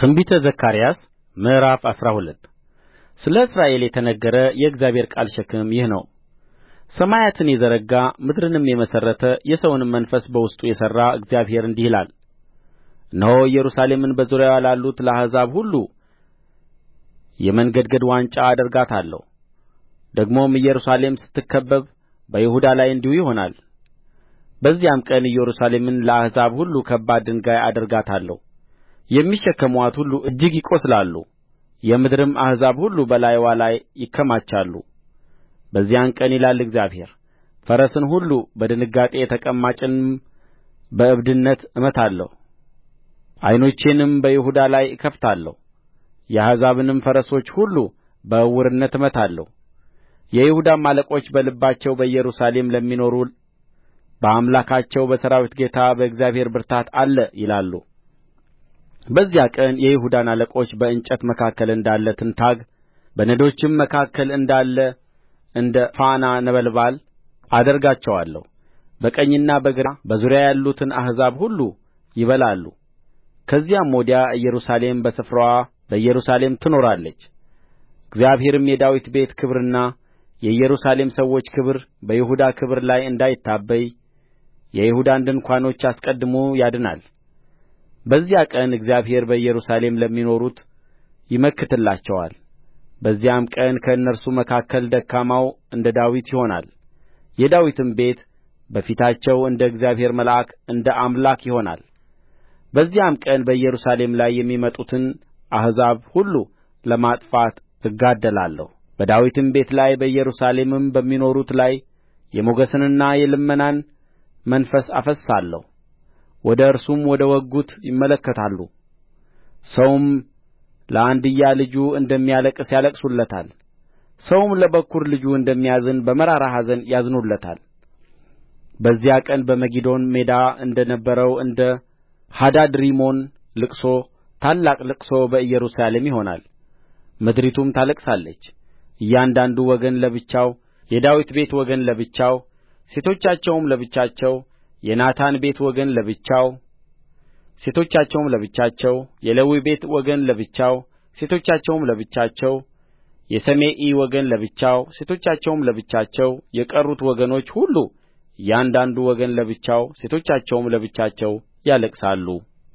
ትንቢተ ዘካርያስ ምዕራፍ አስራ ሁለት ስለ እስራኤል የተነገረ የእግዚአብሔር ቃል ሸክም ይህ ነው ሰማያትን የዘረጋ ምድርንም የመሠረተ የሰውንም መንፈስ በውስጡ የሠራ እግዚአብሔር እንዲህ ይላል እነሆ ኢየሩሳሌምን በዙሪያዋ ላሉት ለአሕዛብ ሁሉ የመንገድገድ ዋንጫ አደርጋታለሁ ደግሞም ኢየሩሳሌም ስትከበብ በይሁዳ ላይ እንዲሁ ይሆናል በዚያም ቀን ኢየሩሳሌምን ለአሕዛብ ሁሉ ከባድ ድንጋይ አደርጋታለሁ የሚሸከሙአት ሁሉ እጅግ ይቈስላሉ የምድርም አሕዛብ ሁሉ በላይዋ ላይ ይከማቻሉ በዚያን ቀን ይላል እግዚአብሔር ፈረስን ሁሉ በድንጋጤ ተቀማጭንም በእብድነት እመታለሁ ዓይኖቼንም በይሁዳ ላይ እከፍታለሁ የአሕዛብንም ፈረሶች ሁሉ በዕውርነት እመታለሁ የይሁዳም አለቆች በልባቸው በኢየሩሳሌም ለሚኖሩ በአምላካቸው በሠራዊት ጌታ በእግዚአብሔር ብርታት አለ ይላሉ በዚያ ቀን የይሁዳን አለቆች በእንጨት መካከል እንዳለ ትንታግ በነዶችም መካከል እንዳለ እንደ ፋና ነበልባል አደርጋቸዋለሁ በቀኝና በግራ በዙሪያ ያሉትን አሕዛብ ሁሉ ይበላሉ ከዚያም ወዲያ ኢየሩሳሌም በስፍራዋ በኢየሩሳሌም ትኖራለች እግዚአብሔርም የዳዊት ቤት ክብርና የኢየሩሳሌም ሰዎች ክብር በይሁዳ ክብር ላይ እንዳይታበይ የይሁዳን ድንኳኖች አስቀድሞ ያድናል በዚያ ቀን እግዚአብሔር በኢየሩሳሌም ለሚኖሩት ይመክትላቸዋል በዚያም ቀን ከእነርሱ መካከል ደካማው እንደ ዳዊት ይሆናል የዳዊትም ቤት በፊታቸው እንደ እግዚአብሔር መልአክ እንደ አምላክ ይሆናል በዚያም ቀን በኢየሩሳሌም ላይ የሚመጡትን አሕዛብ ሁሉ ለማጥፋት እጋደላለሁ በዳዊትም ቤት ላይ በኢየሩሳሌምም በሚኖሩት ላይ የሞገስንና የልመናን መንፈስ አፈስሳለሁ ወደ እርሱም ወደ ወጉት ይመለከታሉ ሰውም ለአንድያ ልጁ እንደሚያለቅስ ያለቅሱለታል ሰውም ለበኵር ልጁ እንደሚያዝን በመራራ ኀዘን ያዝኑለታል በዚያ ቀን በመጊዶን ሜዳ እንደ ነበረው እንደ ሐዳድሪሞን ልቅሶ ታላቅ ልቅሶ በኢየሩሳሌም ይሆናል ምድሪቱም ታለቅሳለች እያንዳንዱ ወገን ለብቻው የዳዊት ቤት ወገን ለብቻው ሴቶቻቸውም ለብቻቸው የናታን ቤት ወገን ለብቻው ሴቶቻቸውም ለብቻቸው የሌዊ ቤት ወገን ለብቻው ሴቶቻቸውም ለብቻቸው የሰሜኢ ወገን ለብቻው ሴቶቻቸውም ለብቻቸው የቀሩት ወገኖች ሁሉ እያንዳንዱ ወገን ለብቻው ሴቶቻቸውም ለብቻቸው ያለቅሳሉ